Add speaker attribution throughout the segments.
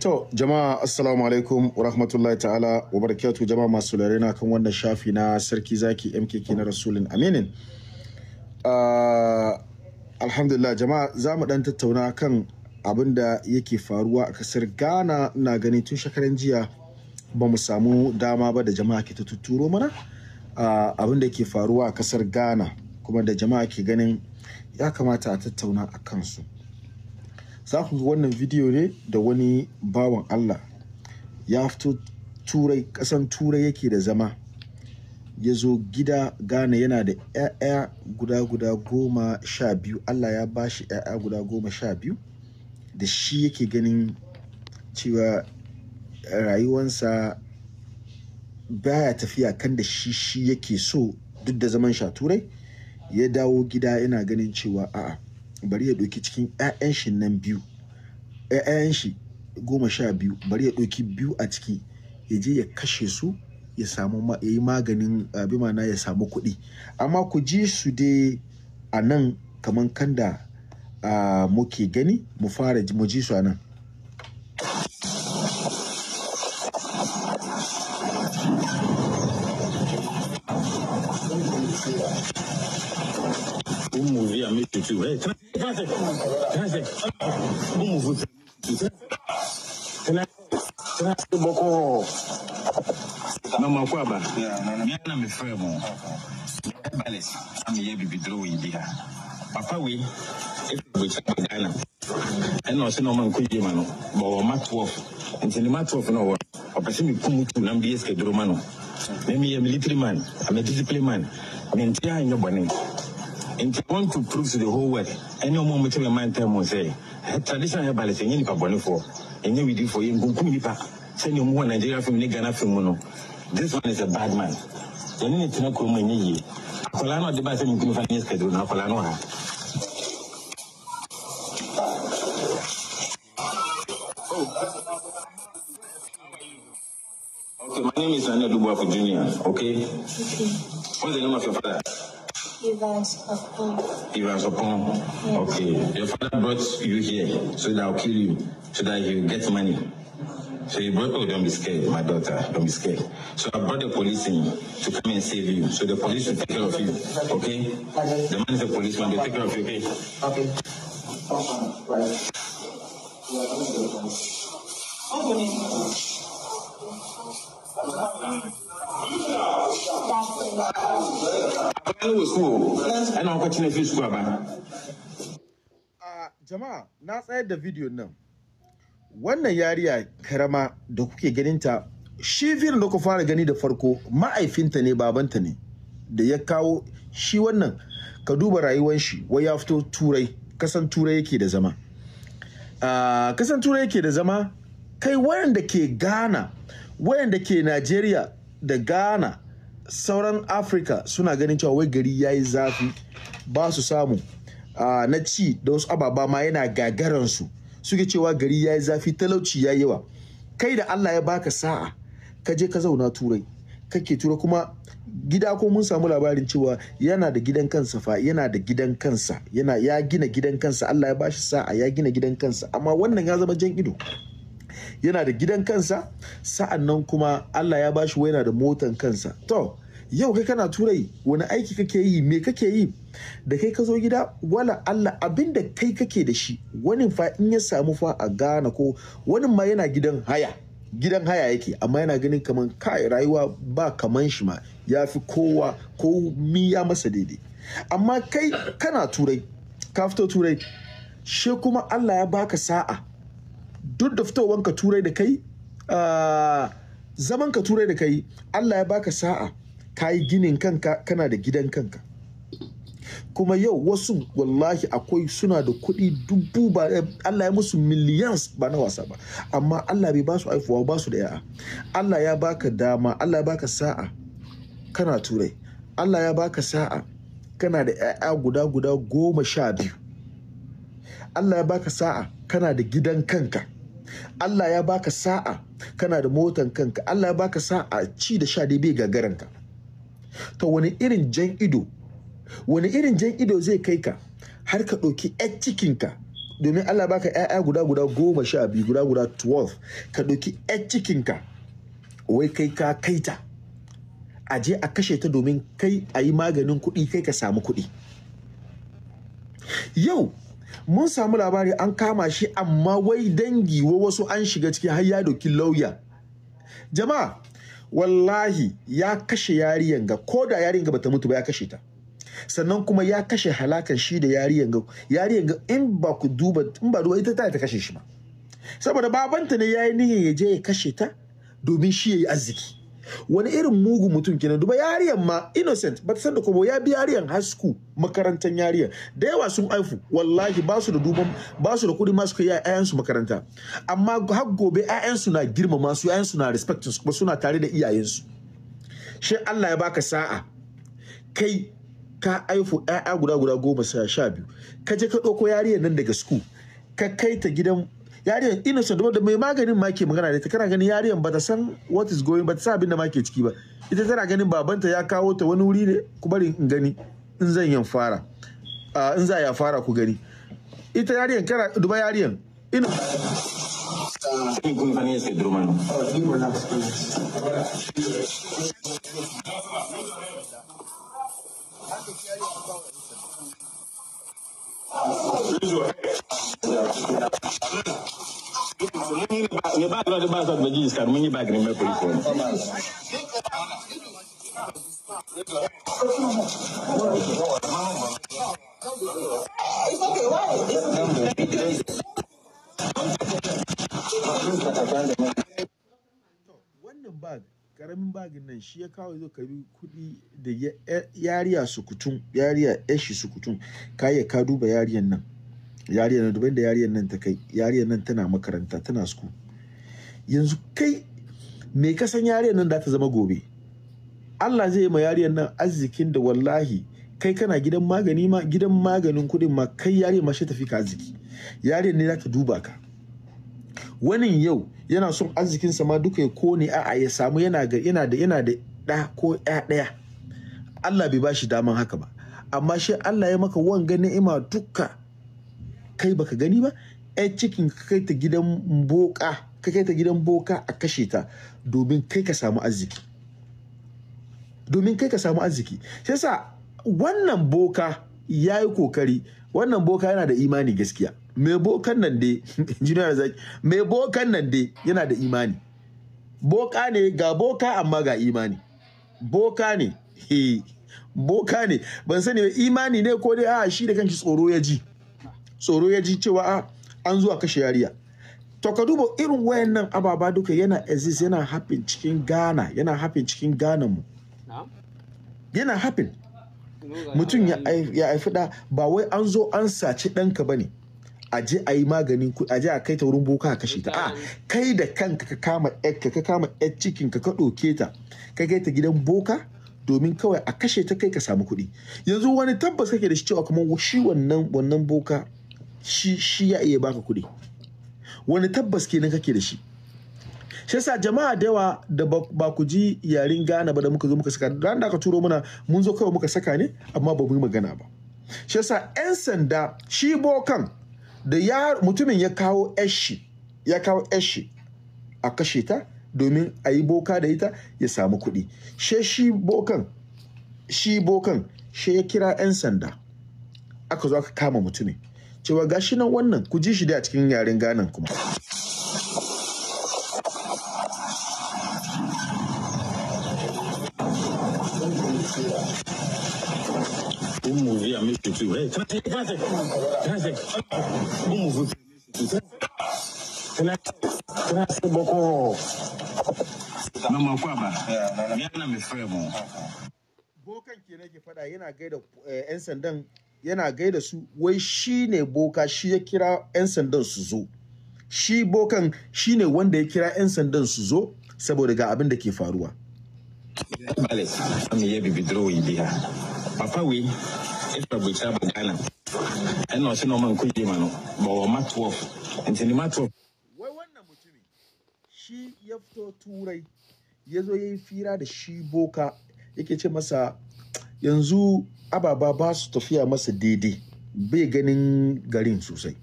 Speaker 1: To jama'a assalamu alaikum wa rahmatullahi ta'ala wa barakatu jama'a masu na kan wannan shafi na sarki zaki MKK na Rasulun Aminin. Uh, alhamdulillah jama'a za mu dan tattauna kan abin da yake faruwa a kasar Ghana na gani tun shekaran jiya ba mu samu dama ba da jama'a ke ta tuturo mana uh, abin da ke faruwa a kasar Ghana kuma da jama'a ke ganin ya kamata a tattauna a kansu. za ku wannan bidiyo ne da wani bawan Allah ya fito turai kasan turai yake da zama ya zo gida Ghana yana da 'ya'ya guda guda goma sha biyu Allah ya ba shi 'ya'ya guda goma sha biyu da shi yake ganin cewa rayuwansa baya tafiya kan da shi shi yake so duk da zaman sha turai ya dawo gida yana ganin cewa a'a bari ya ɗauki cikin 'ya'yan shi nan biyu 'ya'yan shi goma sha biyu bari ya ɗauki biyu a ciki ya je ya kashe su ya samu ya yi maganin bi mana ya samu kuɗi amma ku ji su dai a nan kamar kanda muke gani mu fara mu ji su a nan
Speaker 2: Un movimiento, Fíjense, fíjense, cómo funciona. Fíjense boko na mako aba mea na mefrɛ mu balet na meyɛ bibidoro wɔ yi bi ha papa wei ɛfiri bɔkyi aba ghana ɛna ɔsɛ na ɔma nkɔ yie ma no bɔwɔ ma 12 nti ne ma 12 no ɔwɔ ɔpɛ sɛ mekum tu na meyɛ sikaduro ma no na meyɛ military man amɛ discipline man mente a nyɛ bɔne nti want to prove to the whole world ɛne ɔmo ɔmo tɛmɛ man tɛn mu sɛ traditional herbalist ɛnyɛ nipa bɔnefoɔ ɛnyɛ widifoɔ yɛ nkunkum nipa sɛnea ɔmo wɔ nigeria film ne ghana film mu no this one is a bad man yɛne ne tena kurom ɛnyɛ yie akwadaa no a ɔde baa sɛ ne nkunu fa ne yɛ sikaduro na akwadaa no wɔ ha Okay, my name is Anna Dubuaku Jr. Okay? okay. What's the name of your father? Evans Opon. Evans Opon. Yes. Okay. Your father brought you here so that I'll kill you, so that he'll get money. So he brought, oh, don't be scared, my daughter, don't be scared. So I brought the police in to come and save you. So the police will take care of you, okay? The man is a policeman, they take care of you, okay? Okay. Right. Thank you. a
Speaker 1: Jama'a, na tsayar da bidiyon nan. Wannan yariya karama da kuke ganinta, shi bidiyon da ku fara gani da farko ma'aifinta ne babanta ne. Da ya kawo shi wannan ka duba rayuwar shi wai ya fito turai kasan turai yake da zama kasan turai yake da zama kai wayanda ke ghana wayanda ke nigeria da ghana sauran afirka suna ganin cewa wai gari ya yi zafi ba su samu na ci da wasu ababa ma yana gagaransu suke cewa gari ya yi zafi talauci ya yi yawa kai da allah ya baka sa'a ka je ka zauna turai kake tura kuma gida ko mun samu labarin cewa yana da gidan kansa fa yana da gidan kansa yana ya gina gidan kansa Allah ya bashi sa'a ya gina gidan kansa amma wannan ya zama jan ido yana da gidan kansa sa'an nan kuma Allah ya bashi yana da motan kansa to yau kai kana turai wani aiki kake yi me kake yi da kai ka zo gida wala Allah abin da kai kake da shi wani fa in ya samu fa a gane ko wani ma yana gidan haya gidan haya yake amma yana ganin kaman kai rayuwa ba kaman shi ma ya fi kowa ko mi ya masa daidai amma kai kana turai ka fito turai shi kuma Allah ya baka sa'a duk da fitowanka turai da kai zaman ka turai da kai Allah ya baka sa'a ka yi ginin kanka kana da gidan kanka kuma yau wasu wallahi akwai suna da kuɗi dubu ba Allah ya musu millions ba na wasa ba amma Allah bai ba su aifuwa ba su da ya'a Allah ya baka dama Allah ya baka sa'a kana turai Allah ya baka sa'a kana da 'ya'ya guda guda goma sha biyu Allah ya baka sa'a kana da gidan kanka Allah ya baka sa'a kana da motan kanka Allah ya baka sa'a ci da sha dai bai gagaranka to wani irin jan ido wani irin jan ido zai kai ka har ka ɗauki 'yar cikinka domin Allah baka 'ya'ya guda guda goma sha biyu guda guda 12 ka ɗauki 'yar cikinka wai kai ka kaita a je a kashe ta domin kai a yi maganin kuɗi kai ka samu kuɗi yau mun samu labari an kama shi amma wai dangi wa wasu an shiga ciki har ya doki lauya jama'a wallahi ya kashe yariyan ga ko da yariyan ga bata mutu ba ya kashe ta sannan kuma ya kashe halakan shi da yariyan ga yariyan ga in ba ku duba in ba duba ita ta ta kashe shi ba saboda babanta ne yayi niyyar ya je ya kashe ta domin shi yayi arziki wani irin mugu mutum kenan duba yariyan ma innocent ba ta san da kobo ya bi yariyan school makarantar yariyan da yawa sun aifu wallahi ba su da duban ba su da kuɗi ma su kai su makaranta amma har gobe 'ya'yansu na girmama su su na respectin su kuma suna tare da iyayensu shi Allah ya baka sa'a kai ka aifu 'ya'ya guda guda goma sha biyu ka je ka ɗauko yariyan nan daga school ka kai ta gidan yariyan innocent da mai maganin ma ke magana da ita kana ganin yariyan ba ta san what is going ba ta san abin da ma ke ciki ba ita tana ganin babanta ya kawo ta wani wuri ne ku bari in gani in zan yan fara in za ya fara ku gani ita yariyan kana duba yariyan ina
Speaker 2: you. mun yi
Speaker 1: wannan bag karamin bagin nan shi ya kawo zo karbi kudi da yariya sukutun yariya yashi sukutun ka ka duba yariyan nan yariyar nan dubai da yariyar nan ta kai yariyar nan tana makaranta tana sku yanzu kai me ka san yariyar nan da ta zama gobe Allah zai yi ma yariyar nan arzikin da wallahi kai kana gidan magani ma gidan maganin kuɗin ma kai yariyar ma shi tafi ka arziki yariyar ne za ta duba ka wani yau yana son arzikin ma duka ya kone a a ya samu yana da yana da ɗa ko ɗaya daya Allah bai ba shi daman haka ba amma shi Allah ya maka wanga ni'ima duka kai baka gani ba yar cikin ka kai ta gidan boka ka kai ta gidan boka a kashe ta domin kai ka samu arziki domin kai ka samu arziki sai sa wannan boka ya yi kokari wannan boka yana da imani gaskiya mai bokan nan dai zaki mai bokan nan dai yana da imani boka ne ga boka amma ga imani boka ne boka ne ban sani imani ne ko dai a shi da kanshi tsoro ya ji tsoro ya ji cewa ah, a an zuwa kashe yariya to ka duba irin wayannan ababa duka yana exist yana hafin cikin Ghana yana hafin cikin Ghana mu yana hafin mutum ya haifi da ba wai an zo an saci ɗanka ba ne a je a yi maganin a je a kai ta wurin boka a kashe ta a ah, kai da kanka ka kama ka ka kama yar cikin ka ka ɗauke ta ka kai ta gidan boka domin kawai a kashe ta kai ka samu kuɗi yanzu wani tabbas kake da shi cewa kuma shi wannan boka shi shi ya iya baka kuɗi wani tabbas ke kenan kake da shi shi yasa jama'a da yawa da ba ku ji yarin Gana ba da muka zo muka saka ran da aka turo mana mun zo kawai muka saka ne amma ba mu yi magana ba shi yasa yan sanda shi bokan da ya mutumin ya kawo eshi ya kawo eshi a kashe ta domin a yi boka da ita ya samu kuɗi she shi bokan shi bokan shi ya kira yan sanda aka zo aka kama mutumin cewa gashi nan wannan ku ji shi da a cikin yaren ganan kuma Bokan ke nake faɗa yana gaida 'yan sandan yana gaida su wai shi ne boka shi ya kira 'yan sandan su zo shi bokan shi ne wanda ya kira 'yan sandan su zo saboda ga abin da ke faruwa wai
Speaker 2: wannan
Speaker 1: mutumin shi ya fito turai ya zo ya yi fira da shi boka yake ce masa yanzu ababa ba su tafiya masa daidai bai ganin garin sosai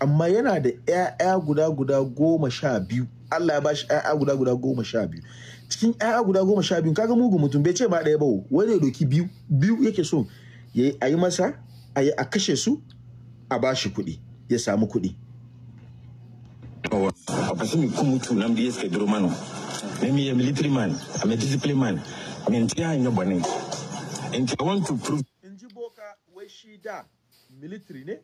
Speaker 1: amma yana da 'ya'ya guda guda goma sha biyu Allah ya ba shi 'ya'ya guda guda goma sha biyu cikin 'ya'ya guda goma sha biyu kaga mugun mutum bai ce ma ɗaya ba wani ya doki biyu biyu yake so ya a yi masa a yi a kashe su a ba shi kuɗi ya samu kuɗi.
Speaker 2: Parce que comme tout n'aime bien ce que Dromano, même il est militaire man, a est discipliné man, mais
Speaker 1: il y a une And I want to prove. Njiboka, she military ne,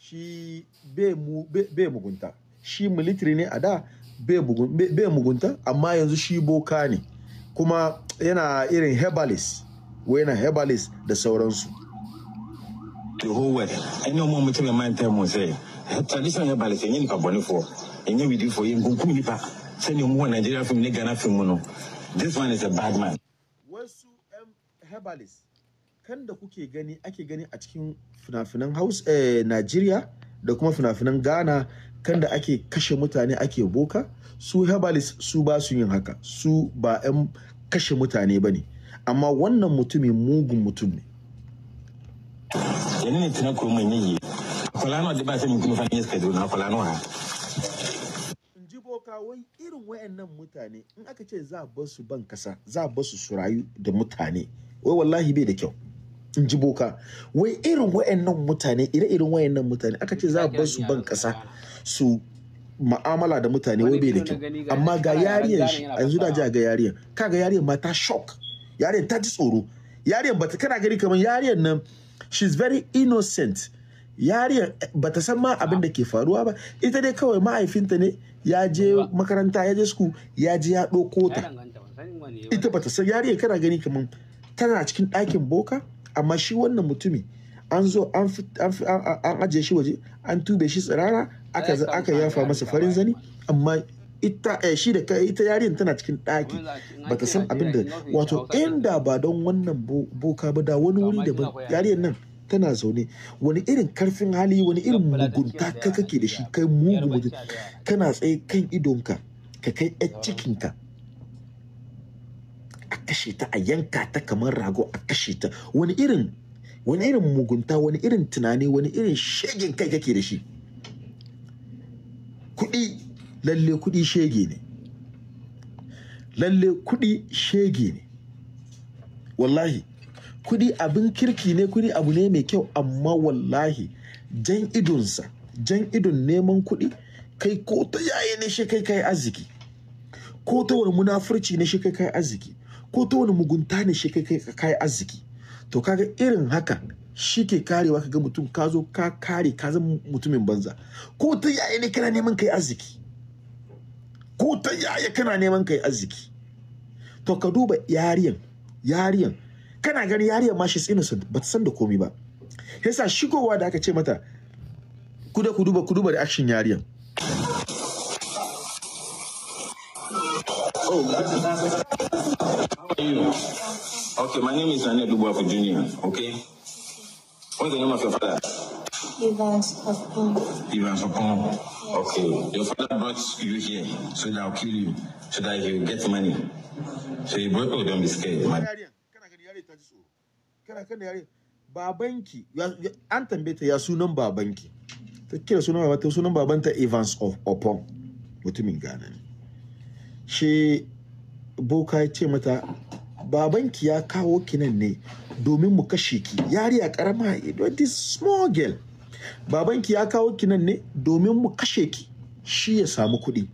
Speaker 1: She be mugunta. military ne a be mugunta, amma yanzu shi boka Kuma yana irin herbalist, wai herbalist da sauransu. The whole
Speaker 2: world, any more mutum ya mind tell mu say, tradition herbalist, enye nipa bɔne fo, we do for enye nkunkum nipa, Nigeria film Ghana film this one is a bad man.
Speaker 1: herbalist kan da kuke gani ake gani a cikin finafinan Hausa eh, da kuma finafinan Ghana kan da ake kashe mutane ake boka su herbalist su ba su yin haka su ba 'yan kashe mutane ba ne amma wannan mutumin mugun mutum ne
Speaker 2: yanni ne mai kurmin yayi kwalano da ba sai mun kuma fanyar na kwalano ha
Speaker 1: talakawan irin wayannan mutane in aka ce za a su ban kasa za a su su rayu da mutane wai wallahi bai da kyau in ji boka wai irin wayannan mutane ire-iren wayannan mutane aka ce za a su ban kasa su ma'amala da mutane wai bai da kyau amma ga yariyan shi yanzu da ga yariyan ga yariyan ma ta shock yariyan ta ji tsoro yariyan bata kana gani kamar yariyan nan she's very innocent yariyar eh, ba ta san ma abin da ke faruwa ba ita dai kawai mahaifinta ne ya je makaranta ya je suku ya je ya ɗauko ta ita ba ta san yariyar kana gani kamar tana cikin ɗakin boka amma shi wannan mutumi an zo an ajiye shi waje an tube shi tsirara aka yafa masa farin zani amma ita eh, shi da ita yarin tana cikin ɗaki ba ta san abin da wato inda ba don wannan boka ba da wani wuri daban yarin nan tana zaune wani irin karfin hali wani irin mugunta ka kake da shi kai mugu mutum kana tsaye kan idonka ka kai yan cikinka a kashe ta a yanka ta kamar rago a kashe ta wani irin wani irin mugunta wani irin tunani wani irin shegin kai kake da shi kuɗi lalle kuɗi shege ne lalle kuɗi shege ne wallahi kuɗi abin kirki ne kuɗi abu ne mai kyau amma wallahi jan idonsa jan idon neman kuɗi kai ko ta yayi ne shi kai kai arziki ko ta wani munafurci ne shi kai kai arziki ko ta wani mugunta ne shi kai kai kai arziki to kaga irin haka shi ke karewa kaga mutum ka zo ka kare ka zama mutumin banza ko ta yaya ne kana neman kai arziki ko ta yaya kana neman kai arziki to ka duba yariyan yariyan kana gani yariyar ma she's innocent, but send san da komai ba yasa shigowa da aka ce mata kuda kuduba kuduba ku duba da action yariyar
Speaker 2: Oh, How are you? Okay, my name is Annette Dubuafu Jr., okay? What's the name of your father? Evans Opon. Evans Opon. Okay. Your father brought you here so that I'll kill you, so that he'll get money. So he brought, don't be scared. My...
Speaker 1: ji tsoro kana kan yare babanki an tambaye ta ya sunan babanki ta kira sunan babanta sunan babanta Evans of Opon mutumin Ghana ne shi boka ya ce mata babanki ya kawo ki nan ne domin mu kashe ki yariya karama this small girl babanki ya kawo ki nan ne domin mu kashe ki shi ya samu kuɗi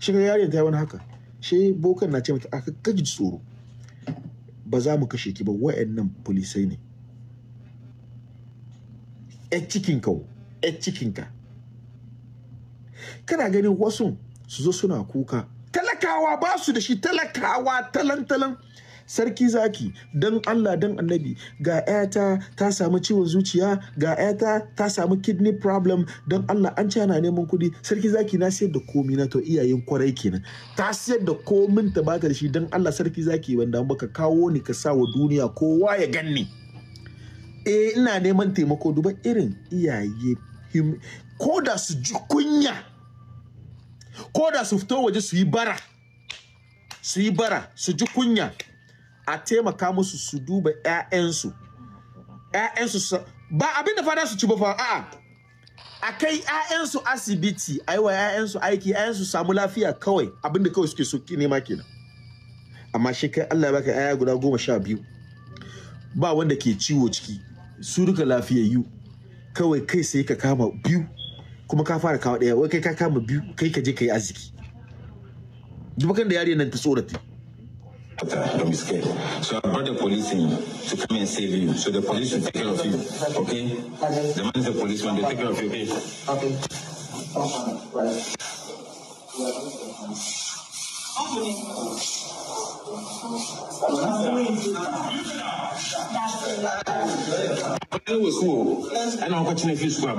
Speaker 1: shi ga yariyar ta yi wani haka shi bokan na ce mata aka gaji tsoro ba za mu kashe ki ba wa'annan polisai ne yan cikinka yan cikinka kana ganin wasu su zo suna kuka talakawa ba su da shi talakawa talantalan sarki zaki don Allah don annabi ga yata ta samu ciwon zuciya ga yata ta samu kidney problem don Allah an cana neman kuɗi sarki zaki na sayar da komi na to iyayen kwarai kenan ta sayar da komin ta ba da shi dan Allah sarki zaki wanda baka kawo ni ka sa wa duniya kowa ya ganni e ina neman taimako duba irin iyaye ko da su ji kunya ko da su fito waje su yi bara su yi bara su ji kunya a taimaka musu su duba 'ya'yansu ‘ya'yansu ba abin da fada su ci ba fa a'a a kai ‘ya'yansu asibiti a yi wa ‘ya'yansu aiki ‘ya'yansu samu lafiya kawai abin da kawai suke so nema kenan amma shi kai Allah ya baka ‘ya'ya guda goma sha biyu ba wanda ke ciwo ciki su duka lafiyayyu kawai kai sai ka kama biyu kuma ka fara kawo ɗaya wai kai ka kama biyu kai ka je ka yi arziki duk da yari nan ta tsorata Don't be scared.
Speaker 2: So I brought the police in to come and save you. So the police will take care of you. Okay? The man is a policeman. They take care of you. Okay? Okay. Ọ̀pọ̀lọpọ̀ wò sí wo ẹnna ọkọ̀ tí na fi sùkúl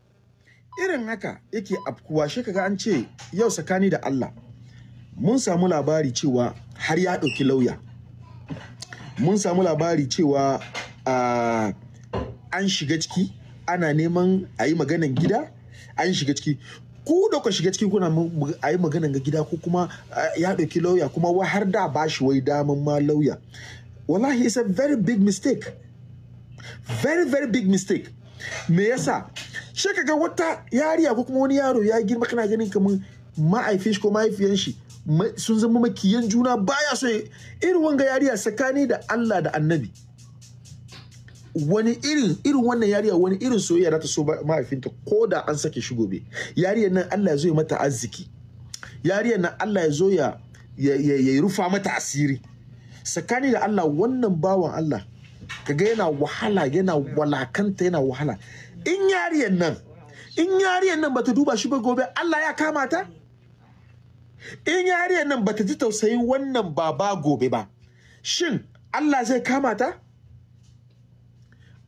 Speaker 1: irin haka yake afkuwa shi kaga an ce yau tsakani da Allah mun samu labari cewa har ya ɗauki lauya mun samu labari cewa uh, an shiga ciki ana neman a yi maganan gida an shiga ciki ku da shiga ciki kuna a yi maganan gida ko kuma ya ɗauki lauya kuma wa har da ba shi wai daman ma lauya wallahi is a very big mistake very very big mistake me yasa shi ka ga wata yariya ko kuma wani yaro ya girma kana ganin kamar ma'aifin shi ko mahaifiyan shi sun zama makiyan juna baya so irin wanga yariya tsakani da Allah da annabi wani irin irin wannan yariya wani irin soyayya za ta so mahaifinta ko da an sake shi gobe yariyar nan Allah ya zo ya mata arziki yariyar nan Allah ya zo ya rufa mata asiri tsakani da Allah wannan bawan Allah kaga yana wahala yana walakanta yana wahala in yariyan nan in yariyan nan bata duba shi ba gobe Allah ya kama ta in yariyan nan bata ji tausayin wannan baba gobe ba shin Allah zai kama ta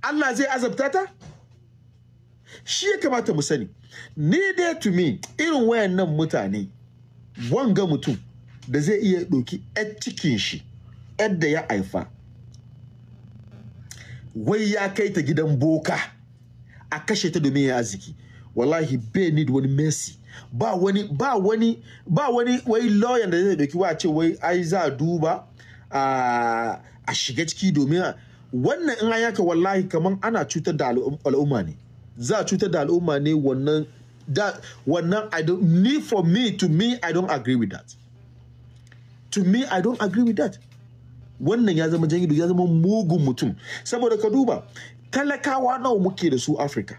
Speaker 1: Allah zai azabta ta shi ya kamata mu sani ni dai to me irin wayannan mutane wanga mutum da zai iya ɗauki 'yar cikin shi da ya haifa wai ya kai ta gidan boka a kashe ta domin ya arziki wallahi bai need wani mercy ba wani ba wani ba wani wai lawyer da zai dauki wa ce wai ai za duba a shiga ciki domin wannan in an yaka wallahi kaman ana cutar da al'umma ne za a cutar da al'umma ne wannan that wannan i don't need for me to me i don't agree with that to me i don't agree with that wannan ya zama jangido ya zama mugun mutum saboda ka duba talakawa nawa muke da su afirka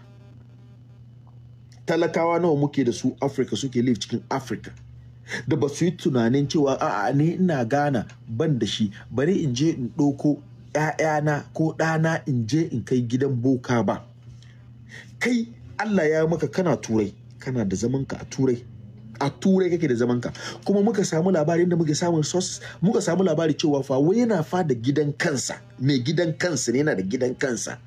Speaker 1: talakawa nawa muke da su afirka suke live cikin afirka da ba su yi tunanin cewa a'a ne ina gana ban da shi bari in je in ɗauko ‘ya'yana ko ɗana in je in kai gidan boka ba kai allah ya maka kana turai kana da zamanka a turai a turai kake da zamanka kuma muka samu labarin da muka samu sos muka samu labari cewa fa wai yana fa da gidan kansa mai gidan kansa ne yana da gidan kansa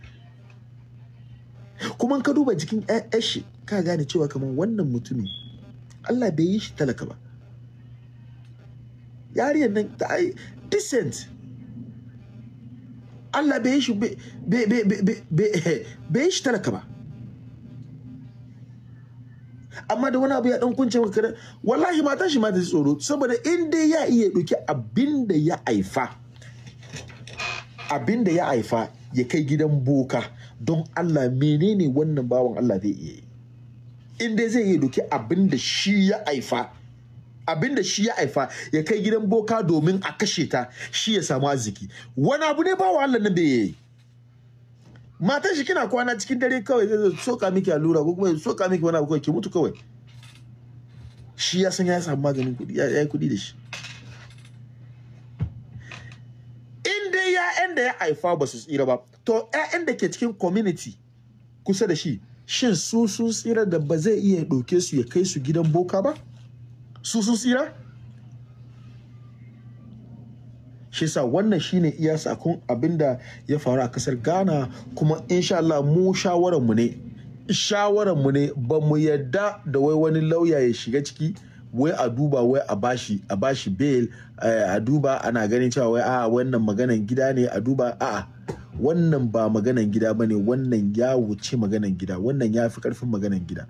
Speaker 1: kuma ka duba jikin ƴaƴan shi ka gane cewa kamar wannan mutumin Allah bai yi shi talaka ba yariyar nan ta ai decent Allah bai yi shi eh, bai yi shi talaka ba amma da wani abu ya dan kunce maka kadan wallahi matan shi ma ta tsoro saboda in dai ya iya doki abin da ya haifa abin da ya haifa ya kai gidan boka don Allah menene wannan bawan Allah zai iya yi in dai zai iya doki abin da shi ya haifa abin da shi ya haifa ya kai gidan boka domin a kashe ta shi ya samu arziki wani abu ne bawa Allah na da ya yi matan shi kina kwana cikin dare kawai zai soka miki allura ko kuma soka miki wani abu kawai ki mutu kawai shi ya san ya samu maganin kuɗi ya yi kuɗi da shi da ya haifa ba su tsira ba to ya'yan da ke cikin community kusa da shi shin su sun tsira da ba zai iya ɗauke su ya kai su gidan boka ba su sun tsira shi sa wannan shine iya sakon abin da ya faru a kasar ghana kuma insha Allah mu shawararmu mu ne shawararmu mu ne ba mu yarda da wai wani lauya ya shiga ciki wai a duba wai a bashi a bashi bail eh, a duba ana ganin cewa wai a wannan maganan gida ne a duba a'a wannan ba maganan gida bane wannan ya wuce maganan gida wannan ya fi karfin maganan gida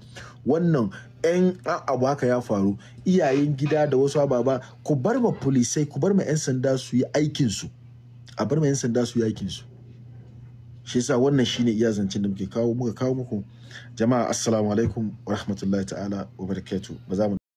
Speaker 1: wannan yan abu haka ya faru iyayen gida da wasu ababa ku bar ma polisai ku bar ma yan sanda su yi aikin su a bar ma yan sanda su yi aikin su shi yasa wannan shine iya zancen da muke kawo muka kawo muku jama'a assalamu alaikum wa rahmatullahi ta'ala wa barakatuh ba za mu